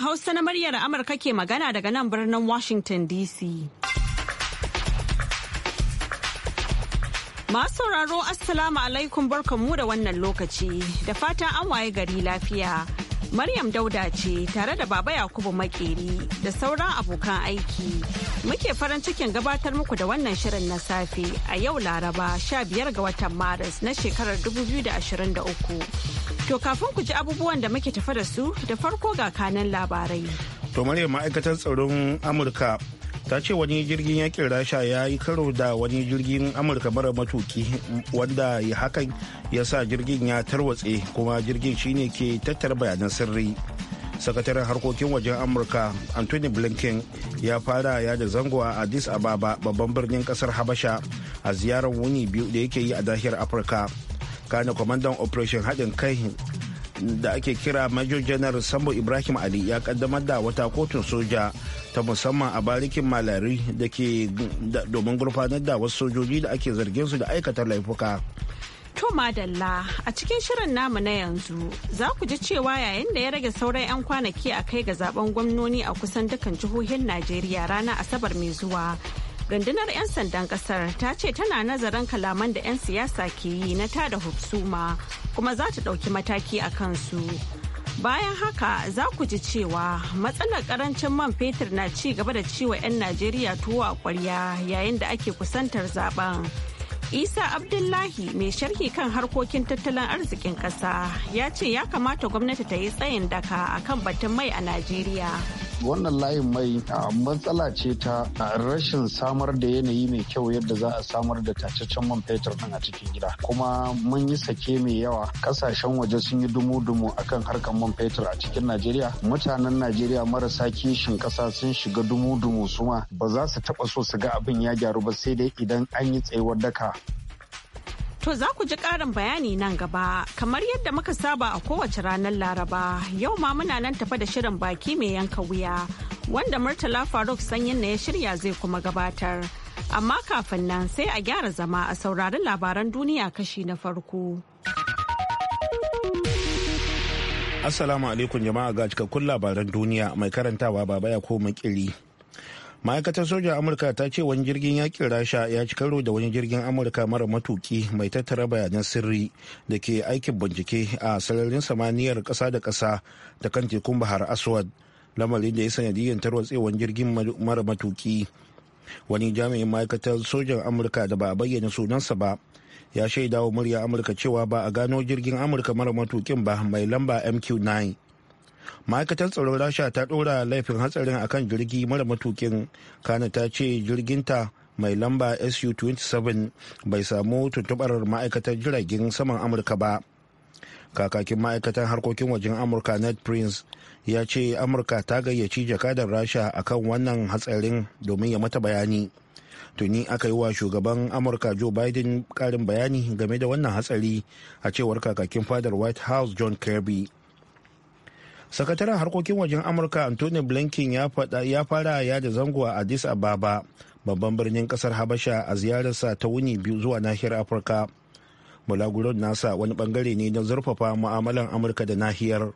Hausa na muryar Amurka ke magana daga nan birnin Washington DC. Masu sauraro Assalamu alaikum barkanmu da wannan lokaci da fatan an waye gari lafiya. Maryam Dauda ce tare da Baba Yakubu Makeri da sauran abokan aiki. Muke farin cikin gabatar muku da wannan shirin na safe a yau Laraba 15 ga watan Maris na shekarar 2023. To kafin ku ji abubuwan da muke tafa da su da farko ga kanan labarai. To Maryam ma'aikatar tsaron Amurka ta ce wani jirgin yakin rasha ya yi karo da wani jirgin amurka mara matuki wanda ya hakan ya sa jirgin ya tarwatse kuma jirgin shine ke tattara bayanan sirri sakataren harkokin wajen amurka anthony blinken ya fara yada zango a addis ababa babban birnin kasar habasha a ziyarar wuni biyu da yake yi a dahiyar afirka kana kwamandan operation haɗin kai da ake kira major general sambo ibrahim ali ya kaddamar da wata kotun soja ta musamman a barikin malari da ke domin gurfanar da wasu sojoji da ake zargin su da aikatar laifuka. To madalla a cikin shirin namu na yanzu za ku ji cewa yayin da ya rage sauran 'yan kwanaki a kai ga zaben gwamnoni a kusan dukkan jihohin Najeriya ranar Asabar mai zuwa. gandunar 'yan sandan kasar ta ce tana nazarin kalaman da 'yan siyasa ke yi na tada husuma kuma za ta ɗauki mataki a kansu. Bayan haka za ku ji cewa matsalar karancin man fetur na ci gaba da ciwo 'yan Najeriya tuwo a kwarya yayin da ake kusantar zaben. Isa Abdullahi mai sharhi kan harkokin tattalin arzikin ƙasa ya ce ya kamata gwamnati ta yi tsayin daka akan batun mai a Najeriya. wannan layin mai matsala ce ta rashin samar da yanayi mai kyau yadda za a samar da tacaccen man fetur nan a cikin gida kuma mun yi sake mai yawa kasashen waje sun yi dumu-dumu akan harkar man fetur a cikin najeriya mutanen najeriya marasa kishin kasa sun shiga dumu-dumu suma ba za su taba so su ga abin ya gyaru ba sai dai idan an yi tsayuwar daka To za ku ji ƙarin bayani nan gaba, kamar yadda muka saba a kowace ranar Laraba, yau ma muna nan tafa da shirin baki mai yanka wuya, wanda Murtala Faruk sanyin na ya shirya zai kuma gabatar. Amma kafin nan sai a gyara zama a saurari labaran duniya kashi na farko. Assalamu alaikum jama'a ga cikakkun labaran duniya mai karantawa baba ya ko makiri. ma'aikatar sojan amurka ta ce wani jirgin yakin rasha ya ci karo da wani jirgin amurka mara matuki mai tattara bayanan sirri da ke aikin bincike a sararin samaniyar kasa da kasa da kan tekun bahar aswad lamarin da ya sanadiyyar tarwatsewan jirgin mara matuki wani jami'in ma'aikatar sojan amurka da ba a bayyana sunansa ba ya shaida murya amurka cewa ba a gano jirgin amurka mara matukin ba mai lamba mq 9 ma'aikatar tsaron rasha ta ɗora laifin hatsarin akan jirgi mara matukin kana ta ce jirginta mai lamba su-27 bai samu tuntubar ma'aikatar jiragen saman amurka ba kakakin ma'aikatan harkokin wajen amurka ned prince ya ce amurka ta gayyaci jakadar rasha akan wannan hatsarin domin ya mata bayani tuni aka yi wa shugaban amurka joe biden karin bayani game da wannan hatsari a cewar kakakin fadar white house john kirby sakataren harkokin wajen amurka anthony blinken ya fara yada zango a addis ababa babban birnin kasar habasha a ziyararsa ta wuni biyu zuwa nahiyar afirka bulaguro nasa wani bangare ne na zurfafa mu'amalan amurka da nahiyar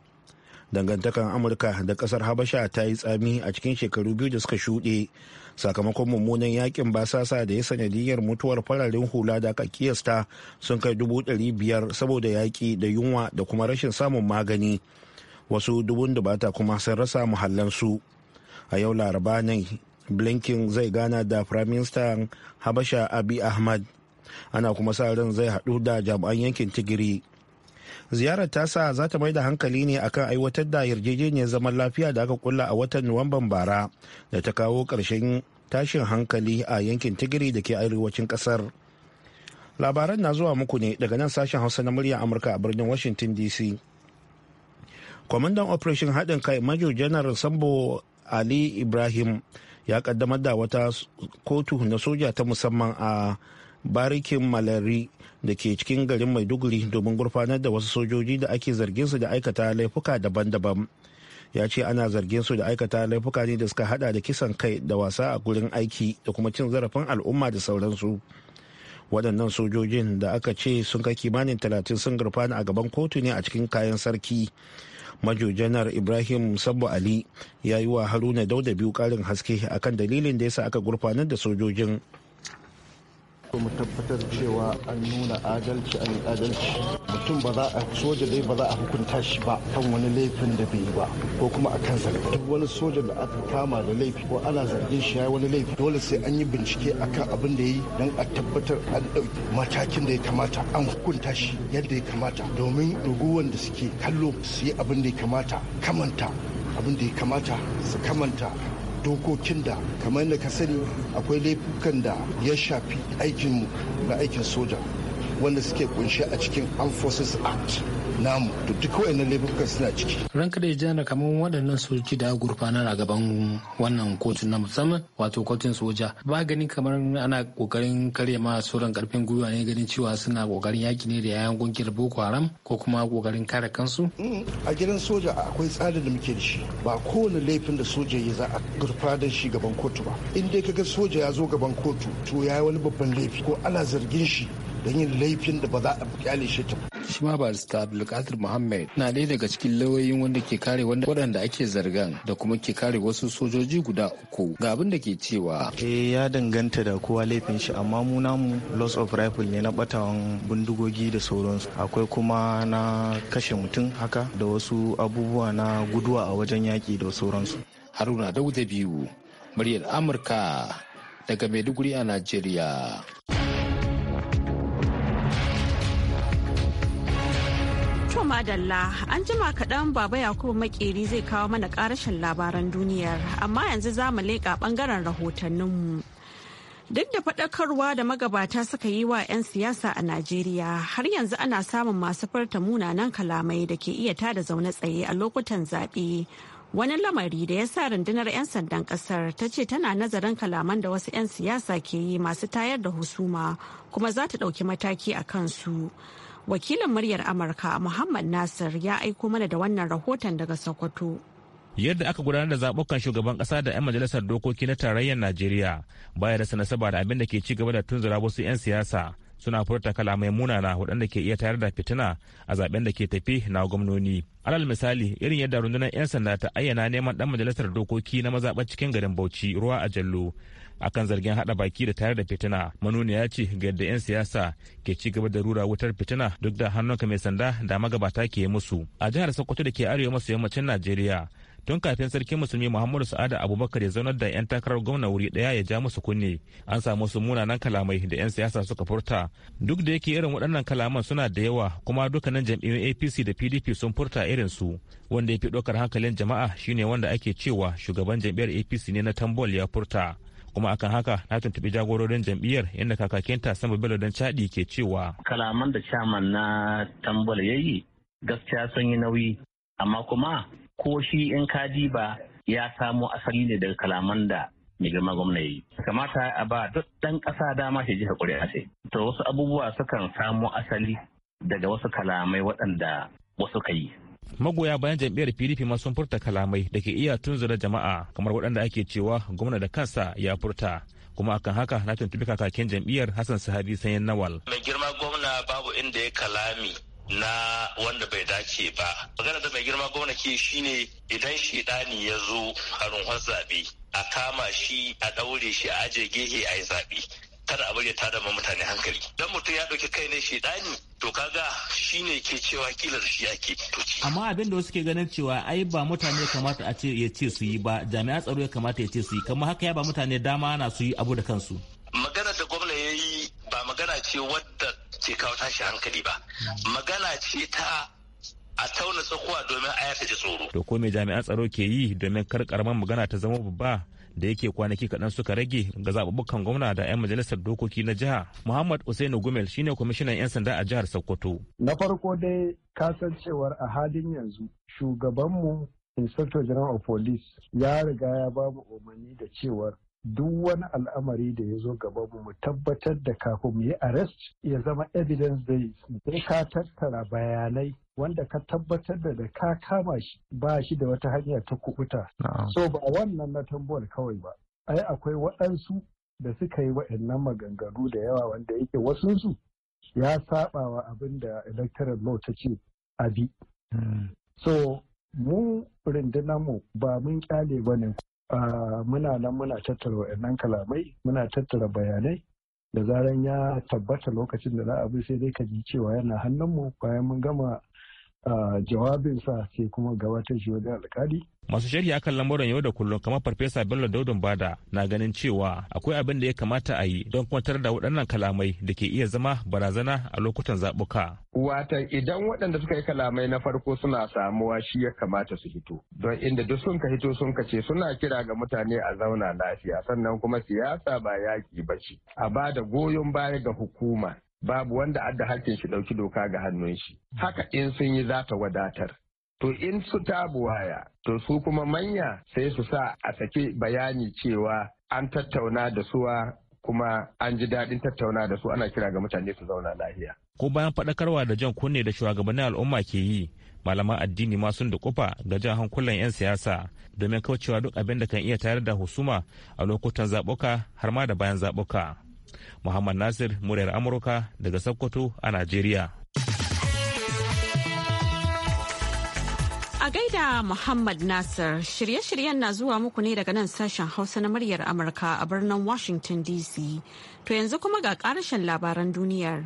dangantakan amurka da kasar habasha ta yi tsami a cikin shekaru biyu da suka shuɗe sakamakon mummunan yakin basasa da ya sanadiyar mutuwar fararen hula da aka kiyasta sun kai dubu ɗari biyar saboda yaƙi da yunwa da kuma rashin samun magani wasu dubun dubata kuma sun rasa muhallansu a yau laraba ne blinken zai gana da prime minister habasha abi ahmad ana kuma sa ran zai hadu da jami'an yankin tigiri ziyarar tasa za ta mai da hankali ne akan aiwatar da yarjejeniyar zaman lafiya da aka kulla a watan nuwamban bara da ta kawo ƙarshen tashin hankali a yankin tigiri da ke arewacin ƙasar labaran na zuwa muku ne daga nan sashen hausa na murya amurka a birnin washington dc kwamandan operation haɗin kai major general sambo ali ibrahim ya kaddamar da wata kotu na soja ta musamman a barikin malari da ke cikin garin maiduguri domin gurfanar da wasu sojoji da ake zargin su da aikata laifuka daban-daban ya ce ana zargin su da aikata laifuka ne da suka hada da kisan kai da wasa a gurin aiki da kuma cin zarafin al'umma da sauransu waɗannan sojojin da aka ce sun kai kimanin talatin sun gurfana a gaban kotu ne a cikin kayan sarki majojanar ibrahim sabba ali ya yi wa haruna dauda biyu karin haske akan dalilin da yasa aka gurfanar da sojojin mu tabbatar cewa an nuna adalci an adalci mutum ba za a soja dai ba za a hukunta shi ba kan wani laifin da bai yi ba ko kuma a kan zargi duk wani soja da aka kama da laifi ko ana zargin shi ya wani laifi dole sai an yi bincike akan abin da ya yi don a tabbatar an ɗauki matakin da ya kamata an hukunta shi yadda ya kamata domin ruguwan da suke kallo su yi abin da ya kamata kamanta abin da ya kamata su kamanta dokokin da kamar da ka sani akwai laifukan da ya shafi aikinmu na aikin soja wanda suke kunshe a cikin armed forces act namu to duk wayannan laifukan suna ciki ranka da jana kamar waɗannan sojoji da gurfanar a gaban wannan kotun na musamman wato kotun soja ba gani kamar ana kokarin karya ma sauran karfin gwiwa ne ganin cewa suna kokarin yaki ne da yayan gungiyar boko haram ko kuma kokarin kare kansu mm, a gidan soja akwai tsarin da muke da shi ba kowane laifin da soja ya za a gurfanar shi gaban kotu ba in dai kaga soja ya zo gaban kotu to ya yi wani babban laifi ko ana zargin shi da yin laifin da ba za a kyale shi ta shi ma barista abdulkadir muhammad na ɗaya daga cikin lauyoyin wanda ke kare waɗanda ake zargan da kuma ke kare wasu sojoji guda uku ga abin da ke cewa eh ya danganta da kowa laifin shi amma mu namu loss of rifle ne na batawan bindigogi da sauransu akwai kuma na kashe mutum haka da wasu abubuwa na guduwa a wajen yaki da sauransu haruna dauda biyu muryar amurka daga maiduguri a najeriya madalla an jima kaɗan baba yakubu makeri zai kawo mana ƙarashin labaran duniyar amma yanzu za mu leƙa ɓangaren rahotanninmu duk da faɗakarwa da magabata suka yi wa 'yan siyasa a najeriya har yanzu ana samun masu farta munanan kalamai da ke iya tada zaune tsaye a lokutan zaɓe wani lamari da ya sa rundunar 'yan sandan ƙasar ta ce tana nazarin kalaman da wasu 'yan siyasa ke yi masu tayar da husuma kuma za ta ɗauki mataki a kansu. Wakilin muryar Amurka Muhammad Nasir ya aiko mana da wannan rahoton daga Sokoto. Yadda aka gudanar da zaɓukan shugaban ƙasa da 'yan majalisar dokoki na tarayyar Najeriya baya da sanasaba da abin da ke ci gaba da tunzura wasu 'yan siyasa suna furta kalamai munana waɗanda ke iya tayar da fitina a zaben da ke tafi na gwamnoni alal misali irin yadda rundunar 'yan sanda ta ayyana neman dan majalisar dokoki na mazaɓar cikin garin bauchi ruwa a jallo akan zargin haɗa baki da tayar da fitina manuniya ce ga yadda 'yan siyasa ke ci gaba da rura wutar fitina duk da hannun ka mai sanda da magabata ke musu a jihar sokoto da ke arewa maso yammacin najeriya tun kafin sarkin musulmi muhammadu sa'ada abubakar ya zaunar da 'yan takarar gwamna wuri daya ya ja musu kunne an samu su munanan kalamai da 'yan siyasa suka furta duk da yake irin waɗannan kalaman suna da yawa kuma dukkanin jam'iyyun apc da pdp sun furta irin su wanda ya fi ɗaukar hankalin jama'a shine wanda ake cewa shugaban jam'iyyar apc ne na tambol ya furta kuma akan haka na tuntubi jagororin jam'iyyar inda kakakinta sama bello don chadi ke cewa kalaman da chairman na tambol ya yi gaskiya sun yi nauyi amma kuma ko shi in ka ba ya samo asali ne daga kalaman da mai girma gwamna yi kamata a ba duk ɗan ƙasa dama shi jiha a ce to wasu abubuwa sukan samo asali daga wasu kalamai waɗanda wasu ka yi magoya bayan jam'iyyar pdp ma sun furta kalamai da ke iya tunzura jama'a kamar waɗanda ake cewa gwamna da kansa ya furta kuma akan haka na tuntubi kakakin jam'iyyar hassan sahabi sanyin nawal mai girma gwamna babu inda ya kalami na wanda bai dace ba magana da mai girma gwamna ke shine idan shiɗani ya zo harun zaɓe a kama shi a ɗaure shi a aje gehe a yi zaɓe. kada a bari ta dama mutane hankali dan mutum ya ɗauki kai ne shedani to kaga shine ke cewa kila da shi ake toci amma abin da wasu ke ganin cewa ai ba mutane ya kamata a ce ya ce su yi ba jami'an tsaro ya kamata ya ce su yi kamar haka ya ba mutane dama na su yi abu da kansu magana da gwamna ya yi ba magana ce wadda ce kawo tashi hankali ba magana ce ta a tauna tsakuwa domin a ta ji tsoro to ko mai jami'an tsaro ke yi domin kar karamar magana ta zama babba da yake kwanaki kaɗan suka rage ga zaɓuɓɓukan gwamna da 'yan majalisar dokoki na jiha. Muhammad Usainu Gumel shine kwamishinan 'yan sanda a jihar Sokoto. Na farko dai kasancewar a halin yanzu shugabanmu Inspector General of Police ya riga ya ba mu umarni da cewar duk wani al'amari da ya zo gaba mu tabbatar da kafin mu yi arrest ya zama evidence zai sai ka tattara bayanai wanda ka tabbatar da da ka kama shi ba shi da wata hanya ta kubuta so ba wannan na tambuwar kawai ba ai akwai waɗansu da suka yi waɗannan maganganu da yawa wanda yake wasunsu ya saba wa abin da electoral law ta ce abi hmm. so mu rundunar mu ba mun kyale ba ne muna nan muna tattara wa'annan kalamai muna tattara bayanai da zaran ya tabbata lokacin da za a bi sai dai ka ji cewa yana hannunmu bayan mun gama jawabinsa sai kuma gabatar shi wajen alkali masu sharhi akan lamuran yau da kullum kamar farfesa bello daudun bada na ganin cewa akwai abin da ya kamata a yi don kwantar da waɗannan kalamai da ke iya zama barazana a lokutan zaɓuka. wata idan waɗanda suka yi kalamai na farko suna samuwa shi ya kamata su hito don inda duk sun ka hito sun ka ce suna kira ga mutane a zauna lafiya sannan kuma siyasa ba yaƙi ba ce a ba da goyon baya ga hukuma babu wanda adda hakkin shi ɗauki doka ga hannun shi hmm. haka in sun yi za ta wadatar to in su ta buwaya to su kuma manya sai su sa a sake bayani cewa an tattauna da suwa kuma an ji daɗin tattauna da su ana kira ga mutane su zauna lafiya. Ko bayan faɗakarwa da jan kunne da shugabannin al'umma ke yi, malaman addini ma sun da kufa ga jan hankulan 'yan siyasa domin kaucewa duk abin da kan iya tayar da husuma a lokutan zaɓuka har ma da bayan zaɓuka. Muhammad Nasir muryar Amurka daga Sokoto a Najeriya. A gaida Muhammad Nasir shirye-shiryen na zuwa muku ne daga nan sashen Hausa na muryar Amurka a birnin Washington DC. To yanzu kuma ga karashen labaran duniyar.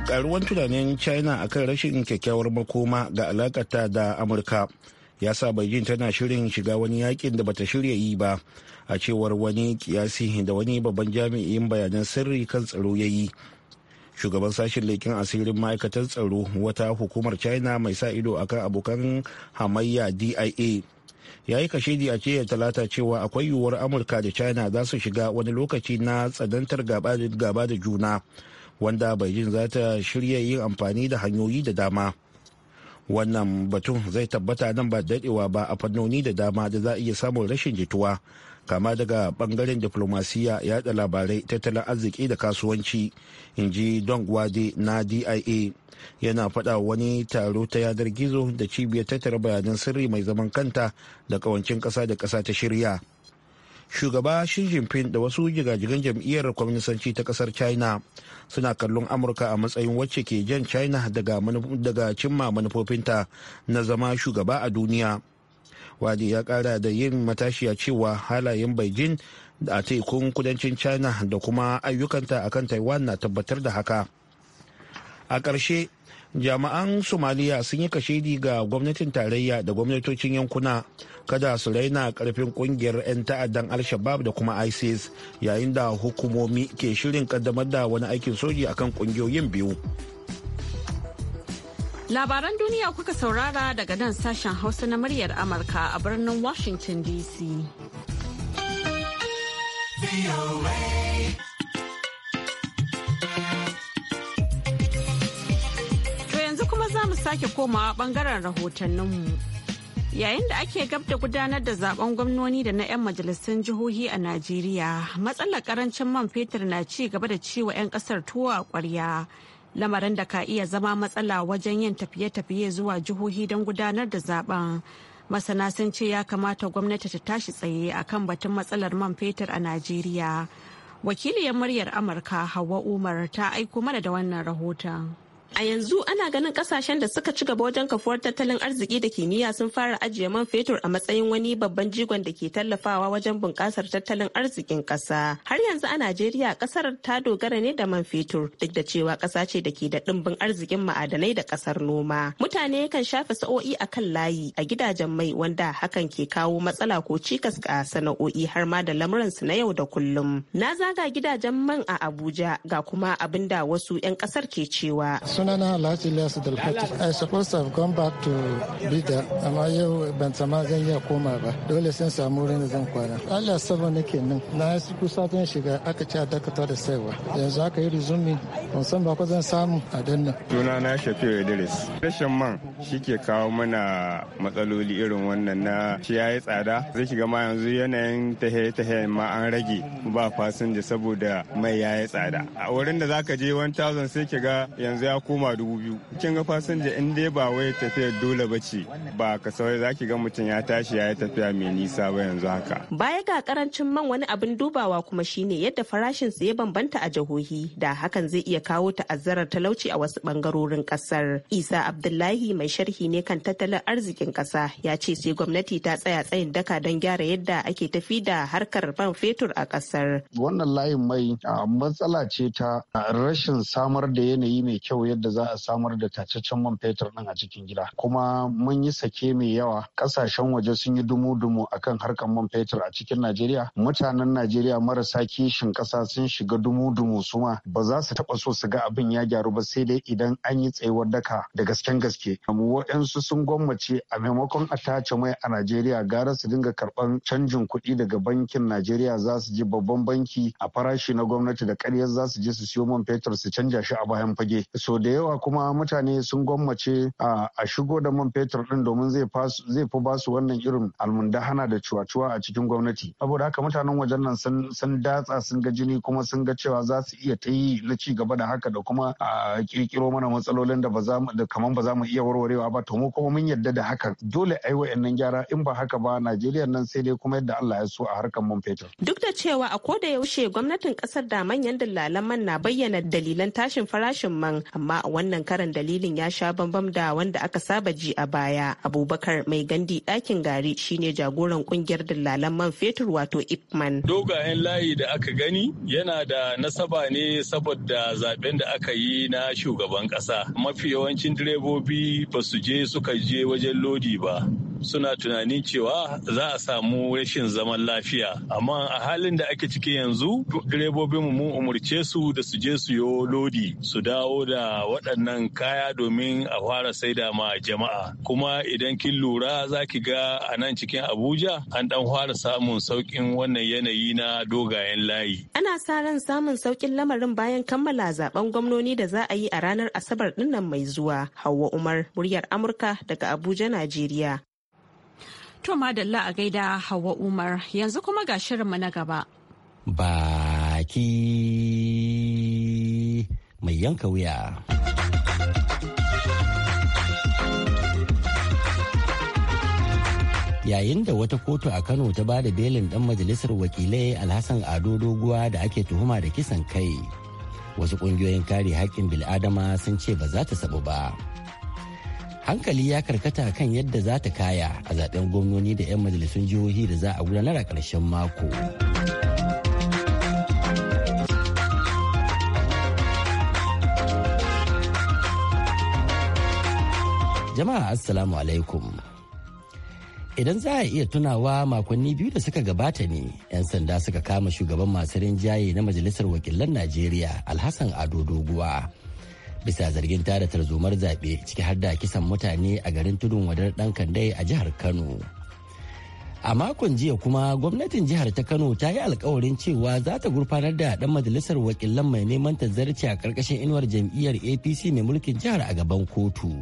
Karuwan tunanin China akan rashin kyakkyawar makoma ga alakata da Amurka ya sa Beijing tana shirin shiga wani yakin da bata shirya yi ba a cewar wani kiyasi da wani babban jami'in bayanan sirri kan tsaro ya yi shugaban sashen leƙen asirin ma'aikatar tsaro wata hukumar china mai sa ido akan abokan hamayya dia ya yi kashedi a ce talata cewa akwai yiwuwar amurka da china za su shiga wani lokaci na tsanantar gaba da juna wanda beijing za ta shirya yin amfani da hanyoyi da dama wannan batun zai tabbata nan ba dadewa ba a fannoni da dama da za a iya samun rashin jituwa kama daga bangaren diplomasiya yada labarai tattalin arziki da kasuwanci in ji don gwade na dia yana faɗawa wani taro ta yadar gizo da cibiyar tattara bayanan sirri mai zaman kanta da kawancin ƙasa da ƙasa ta shirya shugaba Xi Jinping da wasu jigajigan jam'iyyar kwaminisanci ta kasar China suna kallon Amurka a matsayin wacce ke jan China daga cimma manufofinta na zama shugaba a duniya. Wadi ya kara da yin matashiya cewa halayen Beijing da tekun kudancin China da kuma ayyukanta a kan Taiwan na tabbatar da haka. A ƙarshe, jami'an somaliya sun yi kashedi ga gwamnatin tarayya da gwamnatocin yankuna kada su raina karfin kungiyar 'yan ta'addan al-shabab da kuma isis yayin da hukumomi ke shirin kaddamar da wani aikin soji akan kungiyoyin biyu labaran duniya kuka saurara daga nan sashen hausa na muryar amurka a birnin washington dc yanzu kuma za mu sake komawa bangaren rahotanninmu. Yayin da ake gab da gudanar da zaben gwamnoni da na 'yan majalisun jihohi a Najeriya, matsalar karancin man fetur na ci gaba da ciwo 'yan kasar tuwo kwarya. Lamarin da ka iya zama matsala wajen yin tafiye-tafiye zuwa jihohi don gudanar da zaben. Masana sun ce ya kamata gwamnati ta tashi tsaye a kan batun matsalar man fetur a Najeriya. wakiliyar muryar amurka hawa umar ta aiko mana da wannan rahoton A yanzu ana ganin kasashen da suka ci gaba wajen kafuwar tattalin arziki da kimiyya sun fara ajiye man fetur a matsayin wani babban jigon da ke tallafawa wajen bunƙasar tattalin arzikin ƙasa. Har yanzu a Najeriya ƙasar ta dogara ne da man fetur duk da cewa ƙasa ce da ke da ɗimbin arzikin ma'adanai da ƙasar noma. Mutane kan shafe sa'o'i a kan layi a gidajen mai wanda hakan ke kawo matsala ko cikas ga sana'o'i har ma da lamuransu na yau da kullum. Na zaga gidajen man a Abuja ga kuma abin da wasu 'yan ƙasar ke cewa. sunana alhaji ilyasu dalfati i suppose to have gone back to bida amma yau ban sama zan iya koma ba dole sun samu wurin da zan kwana allah saba nake nan na yi kusa zan shiga aka ce a dakata da saiwa yanzu aka yi rizumi ban san ba ko zan samu a danna sunana shafi idris rashin man shi ke kawo mana matsaloli irin wannan na shi ya yi tsada zai shiga ma yanzu yanayin tahe-tahe ma an rage ba fasinja saboda mai ya yi tsada a wurin da za ka je 1000 sai ki ga yanzu ya koma dubu biyu kin ga fasinja in dai ba wai tafiyar dole ba ce ba ka sauri za ki ga mutum ya tashi ya yi tafiya mai nisa ba yanzu haka baya ga karancin man wani abin dubawa kuma shine yadda farashin ya bambanta a jihohi da hakan zai iya kawo ta'azzarar talauci a wasu bangarorin kasar isa abdullahi mai sharhi ne kan tattalin arzikin kasa ya ce sai gwamnati ta tsaya tsayin daka don gyara yadda ake tafi da harkar man fetur a kasar wannan layin mai ah, matsala ce ta ah, rashin samar da yanayi mai kyau yadda za a samar da tacaccen man fetur ɗin a cikin gida kuma mun yi sake mai yawa ƙasashen waje sun yi dumu-dumu akan harkar man fetur a cikin najeriya mutanen najeriya marasa kishin ƙasa sun shiga dumu-dumu su ma. ba za su taɓa so su ga abin ya gyaru ba sai dai idan an yi tsayuwar daka da gasken gaske waɗansu sun gwammace a maimakon a tace mai a najeriya gara su dinga karɓan canjin kuɗi daga bankin najeriya za su je babban banki a farashi na gwamnati da ƙaryar za su je su siyo man fetur su canja shi a bayan fage so da yawa kuma mutane sun gwammace a shigo da man fetur din domin zai fi ba su wannan irin almundahana da cuwacuwa a cikin gwamnati saboda haka mutanen wajen nan sun datsa sun ga jini kuma sun ga cewa za su iya ta yi na ci gaba da haka da kuma a kirkiro mana matsalolin da ba kaman ba za mu iya warwarewa ba to mu kuma mun yadda da hakan dole ai wayannan gyara in ba haka ba Najeriya nan sai dai kuma yadda Allah ya so a harkar man fetur duk da cewa a koda yaushe gwamnatin kasar da manyan dillalan man na bayyana dalilan tashin farashin man amma a wannan karan dalilin ya sha bambam da wanda aka saba ji a baya. Abubakar mai gandi ɗakin gari shine jagoran kungiyar dillalan man fetur wato Ipman. Dogayen layi da aka gani yana da nasaba ne saboda zaben da aka yi na shugaban ƙasa. Mafi yawancin direbobi ba su je suka je wajen lodi ba. suna tunanin cewa za a samu rashin zaman lafiya amma a halin da ake ciki yanzu direbobinmu mun umurce su da su je su yo lodi su dawo da waɗannan kaya domin a fara saida ma jama'a kuma idan kin lura za ki ga a nan cikin abuja an ɗan fara samun sauƙin wannan yanayi na dogayen layi ana sa ran samun sauƙin lamarin bayan kammala zaben gwamnoni da za a yi a ranar asabar dinnan mai zuwa hawa umar muryar amurka daga abuja najeriya to madalla a gaida hawa umar yanzu kuma ga shirinmu na gaba baki mai yanka wuya. yayin da wata kotu a kano ta ba da belin dan majalisar wakilai alhassan ado doguwa da ake tuhuma da kisan kai wasu kungiyoyin kare haƙƙin bil'adama sun ce ba za ta sabu ba hankali ya karkata kan yadda za ta kaya a zaben gwamnoni da 'yan majalisun jihohi da za a gudanar a ƙarshen mako. Jama'a Assalamu alaikum. Idan za a iya tunawa makonni biyu da suka gabata ne, 'yan sanda suka kama shugaban masu rinjaye na Majalisar Wakilan Najeriya, Alhassan Ado Doguwa. Bisa zargin tara tarzomar zaɓe ciki har da kisan mutane a garin tudun wadar ɗan kandai a jihar Kano. A makon jiya kuma gwamnatin jihar ta Kano ta yi alkawarin cewa za ta gurfanar da ɗan majalisar wakilan mai neman tazarci a ƙarƙashin inuwar jam'iyyar APC mai mulkin jihar a gaban kotu.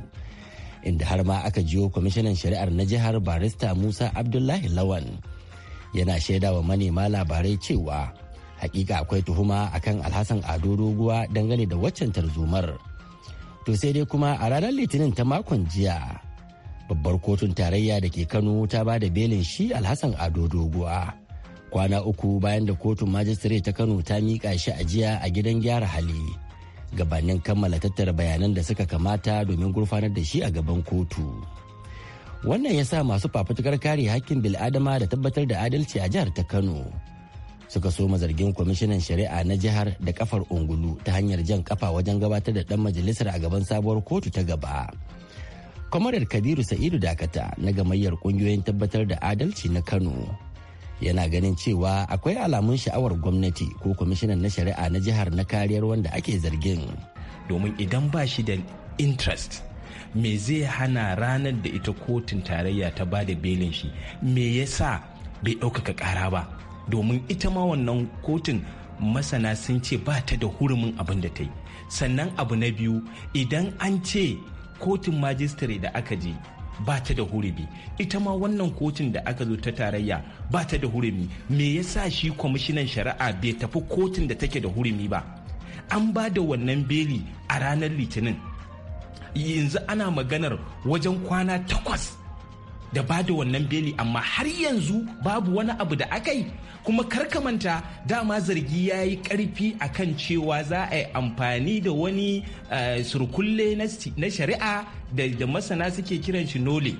inda har ma aka jiyo kwamishinan shari'ar na jihar barista musa abdullahi lawan yana shaida wa manema labarai cewa hakika akwai tuhuma akan alhassan ado doguwa dangane da waccan tarzomar to sai dai kuma a ranar litinin ta makon jiya babbar kotun tarayya da ke kano ta ba da belin shi alhassan ado doguwa kwana uku bayan da kotun majistare ta kano ta miƙa shi a jiya a gidan gyara hali gabanin kammala tattara bayanan da suka kamata domin gurfanar da shi a gaban kotu wannan ya sa masu fafutukar kare hakkin bil'adama da tabbatar da adalci a jihar ta kano suka soma zargin kwamishinan shari'a na jihar da kafar ungulu ta hanyar jan kafa wajen gabatar da dan majalisar a gaban sabuwar kotu ta gaba kwamarar kabiru sa'idu dakata na gamayyar kungiyoyin tabbatar da adalci na kano yana ganin cewa akwai alamun sha'awar gwamnati ko kwamishinan na shari'a na jihar na kariyar wanda ake zargin domin idan ba shi da interest me zai hana ranar da ita kotun tarayya ta ba da belin shi me sa bai ɗaukaka ƙara ba domin ita ma wannan kotun masana sun ce ba ta da hurumin abin da ta yi sannan abu na biyu idan an ce kotun majistare da aka je ba ta da hurumi ita ma wannan kotun da aka zo ta tarayya ba ta da hurumi me yasa shi kwamishinan shari'a bai tafi kotun da take da hurumi ba an ba da wannan beli a ranar litinin yanzu ana maganar wajen kwana takwas da ba da wannan beli amma har yanzu babu wani abu da aka yi kuma karkamanta dama zargi ya yi karfi akan cewa za a yi amfani da wani eh, surkulle na shari'a da da masana suke kiran shi nole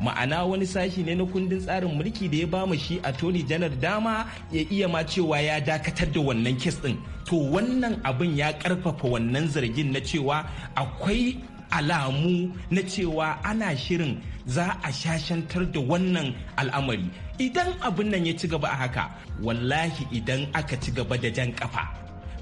ma'ana wani sashi ne na kundin tsarin mulki da ya ba mu shi a toni janar dama ya iya ma cewa ya dakatar da wannan kes din to wannan abin ya karfafa wannan zargin na cewa akwai alamu na cewa ana shirin za a shashantar da wannan al'amari idan abin nan ya ci gaba a haka wallahi idan aka ci gaba da jan kafa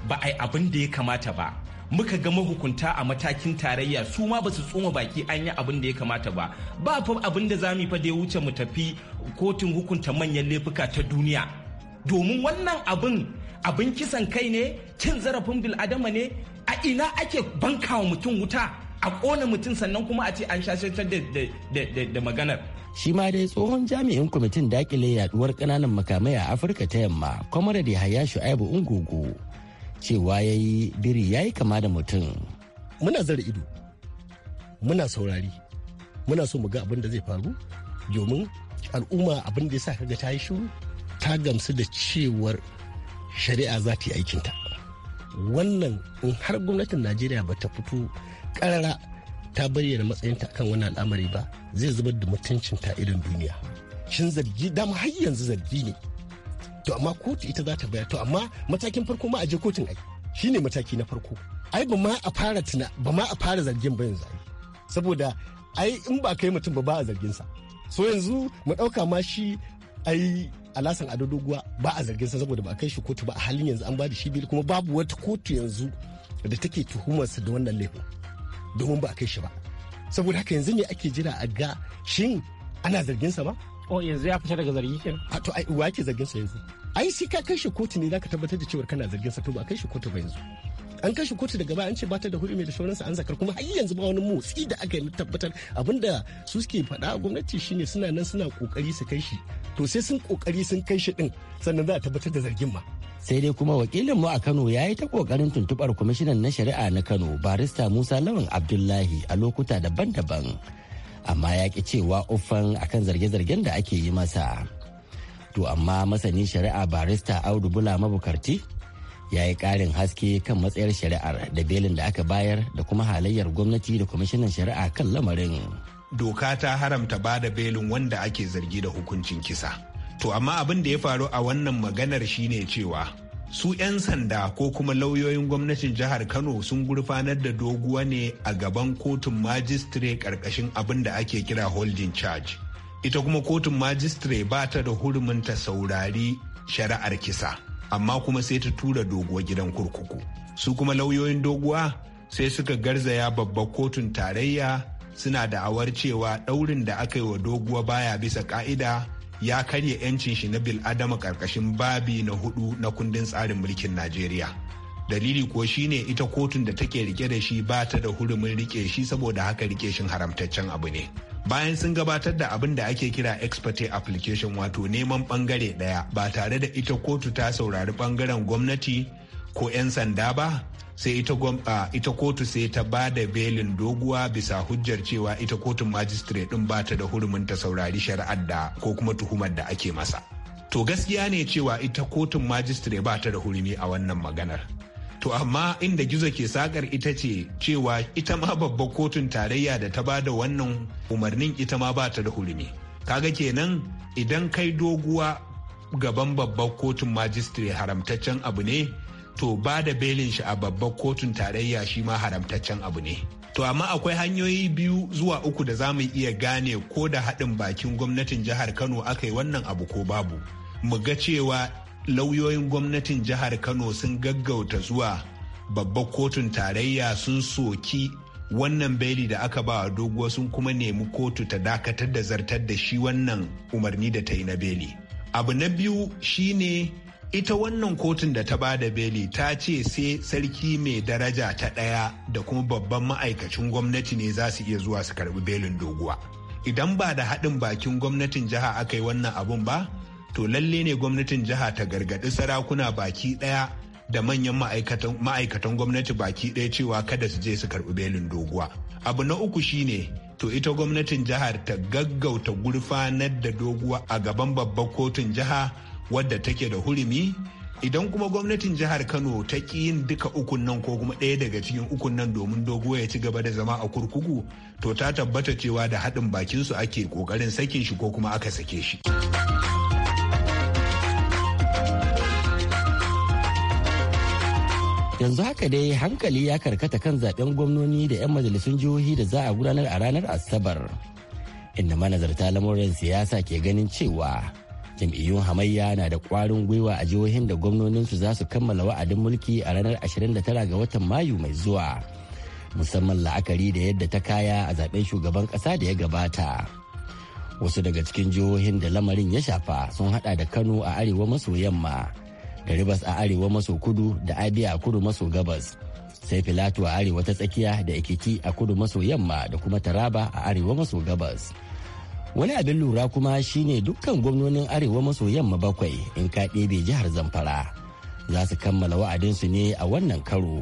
ba a yi abin da ya kamata ba muka ga mahukunta a matakin tarayya su ma ba su tsoma baki an yi abin da ya kamata ba ba fa abin da za mu fa da ya wuce mu tafi kotun hukunta manyan laifuka ta duniya domin wannan abin abin kisan kai ne cin zarafin bil'adama ne a ina ake bankawa mutum wuta a kona mutum sannan kuma a ce an shashantar da maganar shi ma dai tsohon jami'in kwamitin dakile yaduwar kananan makamai a afirka ta yamma kwamarade haya aibu ungugu cewa ya yi biri ya yi kama da mutum. Muna zara ido, muna saurari, muna so mu ga abin da zai faru domin al'umma abin da ya sa kaga ta yi shiru ta gamsu da cewar shari'a za ta yi aikinta. Wannan in har gwamnatin Najeriya ba ta fito karara ta bayyana matsayinta akan wannan al'amari ba zai zubar da mutuncinta irin duniya. Shin zargi dama har yanzu zargi ne to amma kotu ita za ta bayar to amma matakin farko ma a je kotun ai shine mataki na farko ai ba ma a fara tuna ba ma a fara zargin ba yanzu saboda ai in ba kai mutum ba ba a zargin sa so yanzu mu ɗauka ma shi ai alasan ado doguwa ba a zargin sa saboda ba kai shi kotu ba a halin yanzu an ba da shi bil kuma babu wata kotu yanzu da take tuhumarsa da wannan laifin domin ba a kai shi ba saboda haka yanzu ne ake jira a ga shin ana zargin sa ba o oh, yanzu ya fita daga zargi kenan a to ai ke zargin sa yanzu ai sai ka kai shi kotu ne zaka tabbatar da cewa kana zargin sa to ba kai shi kotu ba yanzu an kai shi kotu daga baya an ce bata da mai da shauransa an zakar kuma har yanzu ba wani motsi da aka yi tabbatar abinda su suke faɗa gwamnati shine suna nan suna kokari su kai shi to sai sun kokari sun kai shi din sannan za a tabbatar da zargin ma sai dai kuma wakilin mu a Kano ya yi ta kokarin tuntubar kwamishinan na shari'a na Kano barista Musa Lawan Abdullahi a lokuta daban-daban amma ya ki cewa uffan akan zarge-zargen da ake yi masa to amma masanin shari'a barista audu bula mabukarti ya yi ƙarin haske kan matsayar shari'ar da belin da aka bayar da kuma halayyar gwamnati da kwamishinan shari'a kan lamarin doka ta haramta ba da belin wanda ake zargi da hukuncin kisa to amma abin da ya faru a wannan maganar shine cewa su 'yan sanda ko kuma lauyoyin gwamnatin jihar kano sun gurfanar da doguwa ne a gaban kotun majistire karkashin abin da ake kira holding charge ita kuma kotun majistire ba ta da hurumin ta saurari shari'ar kisa amma kuma sai ta tura doguwa gidan kurkuku su kuma lauyoyin doguwa sai suka garzaya babbar kotun tarayya suna da awar cewa daurin da aka yi wa doguwa baya bisa ka'ida ya karya 'yancin shi na bil'adama karkashin babi na hudu na kundin tsarin mulkin najeriya dalili ko shine ita kotun da take rike da shi ba ta da hurumin rike shi saboda haka rike shin haramtaccen abu ne bayan sun gabatar da abin da ake kira 'expert' application wato neman bangare daya ba tare da ita kotu ta saurari bangaren gwamnati ko 'yan sanda ba sai ita ita kotu sai ta ba da belin doguwa bisa hujjar cewa ita kotun majistare din ba ta da hurumin ta saurari shari'ar da ko kuma tuhumar da ake masa to gaskiya ne cewa ita kotun majistare ba ta da hurumi a wannan maganar To amma inda gizo ke sakar ita ce cewa ita ma babbar kotun tarayya da ta ba da wannan umarnin ita ma ba ta da hurumi. Kaga kenan idan kai doguwa gaban babbar kotun majistire haramtaccen abu ne to ba da belin shi a babbar kotun tarayya shi ma haramtaccen abu ne to amma akwai hanyoyi biyu zuwa uku da za mu iya gane ko da haɗin bakin gwamnatin jihar kano aka yi wannan abu ko babu mu ga cewa lauyoyin gwamnatin jihar kano sun gaggauta zuwa babbar kotun tarayya sun soki wannan beli da aka ba wa doguwa sun kuma nemi kotu ta dakatar da zartar da shi wannan umarni da ta yi na beli abu na biyu shine ita wannan kotun da ta ba da beli ta ce sai sarki mai daraja ta ɗaya da kuma babban ma'aikacin gwamnati ne za su iya zuwa su karɓi belin doguwa idan ba da haɗin bakin gwamnatin jiha aka yi wannan abun ba to lalle ne gwamnatin jiha ta gargaɗi sarakuna baki ɗaya da manyan ma'aikatan gwamnati baki ɗaya cewa kada su je su karɓi belin doguwa abu na uku shine to ita gwamnatin jihar ta gaggauta gurfanar da doguwa a gaban babbar kotun jiha wadda take da hurumi idan kuma gwamnatin jihar kano ta ki yin duka ukun nan ko kuma ɗaya daga cikin ukun nan domin dogo ya ci gaba da zama a kurkuku to ta tabbata cewa da haɗin bakin su ake ƙoƙarin sakin shi ko kuma aka sake shi. yanzu haka dai hankali ya karkata kan zaben gwamnoni da 'yan majalisun jihohi da za a gudanar a ranar asabar inda manazarta lamurin siyasa ke ganin cewa jam'iyyun hamayya na da kwarin gwiwa a jihohin da gwamnoninsu za su kammala wa'adin mulki a ranar 29 ga watan mayu mai zuwa musamman la'akari da yadda ta kaya a zaben shugaban kasa da ya gabata wasu daga cikin jihohin da lamarin ya shafa sun hada da kano a arewa maso yamma da ribas a arewa maso kudu da abia a kudu maso gabas sai filatu a arewa ta tsakiya da ekiti a kudu maso yamma da kuma taraba a arewa maso gabas. wani abin lura kuma shine dukkan gwamnonin arewa maso yamma bakwai in ka ɗebe jihar zamfara za su kammala wa'adinsu ne a wannan karo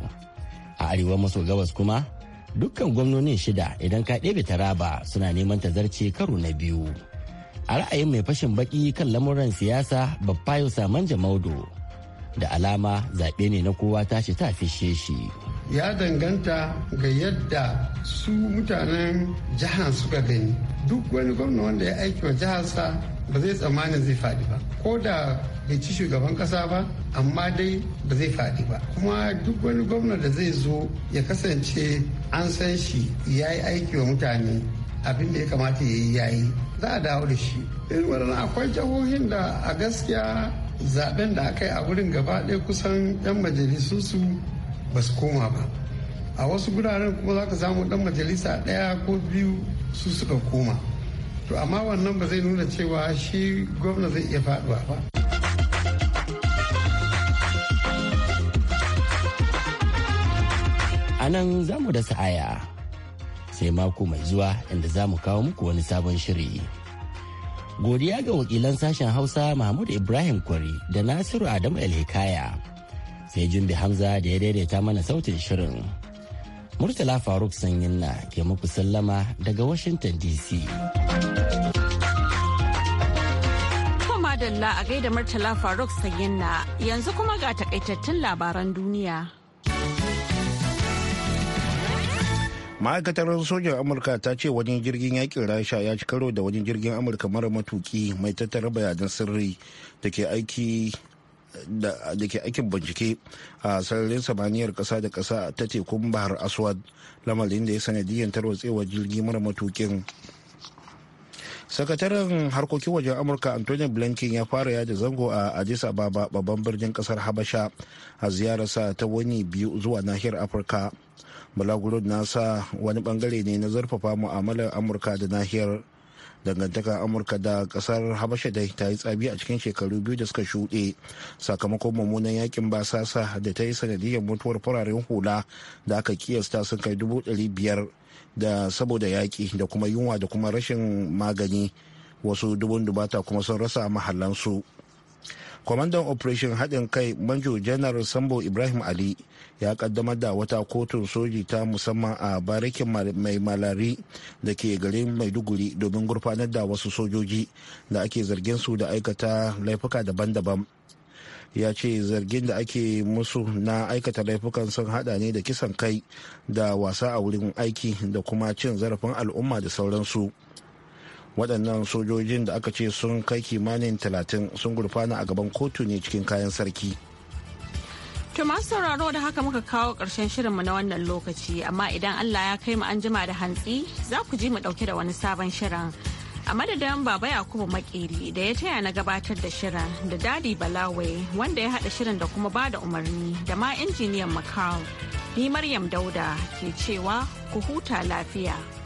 a arewa maso gabas kuma dukkan gwamnonin shida idan ka ɗebe taraba suna neman ta zarce karo na biyu a ra'ayin mai fashin baki kan lamuran siyasa babbayo samanja maudo da alama zaɓe ne na kowa tashi ta fishe shi ya danganta ga yadda su mutanen jihar suka gani duk wani gwamna wanda ya aiki wa jiharsa ba zai tsammanin zai faɗi ba ko da bai ci shugaban ƙasa ba amma dai ba zai faɗi ba kuma duk wani gwamna da zai zo ya kasance an san shi ya yi aiki wa mutane abin da ya kamata ya yi yayi za a dawo da shi irin waɗannan akwai jihohin da a gaskiya zaben da aka yi a wurin gaba ɗaya kusan 'yan majalisu su ba su koma ba a wasu guraren kuma za ka samu dan majalisa ɗaya ko biyu su suka koma to amma wannan ba zai nuna cewa shi gwamna zai iya faɗuwa ba a nan za mu da sa'aya sai mako mai zuwa inda za mu kawo muku wani sabon shiri godiya ga wakilan sashen hausa mahmud ibrahim kwari da nasiru adamu el sai jimbi hamza da ya daidaita mana sautin shirin. Murtala Faruk Sanyin na ke muku sallama daga Washington DC. la a gaida Murtala Faruk Sanyin na yanzu kuma ga takaitattun labaran duniya. ma'aikatar sojan amurka ta ce wajen jirgin yakin rasha ya ci karo da wajen jirgin amurka mara matuki mai tattara bayanan sirri da ke aiki da ke aikin bincike a sararin samaniyar kasa da kasa ta tekun bahar aswad lamarin da ya sanadiyyar tarwatsewar jirgi mara matukin sakataren harkokin wajen amurka antonio blinken ya fara yada zango a addis ababa babban birnin kasar habasha a ziyararsa ta wani biyu zuwa nahiyar afirka bulaguro nasa wani bangare ne na zarfafa mu'amalar amurka da nahiyar dangantaka amurka da kasar habasha dai ta yi tsabi a cikin shekaru biyu da suka shuɗe sakamakon mummunan yakin basasa da ta yi sanadiyar mutuwar fararen hula da aka kiyasta sun kai dubu ɗari biyar da saboda yaƙi da kuma yunwa da kuma rashin magani wasu dubun dubata kuma sun rasa mahallansu. su kwamandan operation haɗin kai manjo janar sambo ibrahim ali ya kaddamar da wata kotun soji ta musamman a barikin mai malari da ke garin maiduguri domin gurfanar da wasu sojoji da ake zargin su da aikata laifuka daban-daban ya ce zargin da ake musu na aikata laifukan sun hada ne da kisan kai da wasa a wurin aiki da kuma cin zarafin al'umma da sauransu. waɗannan sojojin da aka ce sun kai kimanin talatin sun gurfana a gaban kotu ne cikin kayan sarki To masu sauraro da haka muka kawo ƙarshen shirinmu na wannan lokaci amma idan Allah ya kai mu an jima da hantsi za ku ji mu ɗauke da wani sabon shirin. A madadin Baba Yakubu Makeri da ya taya na gabatar da shirin da Dadi Balawe wanda ya haɗa shirin da kuma ba da umarni da ma injiniyan Macau. Ni Maryam Dauda ke cewa ku huta lafiya.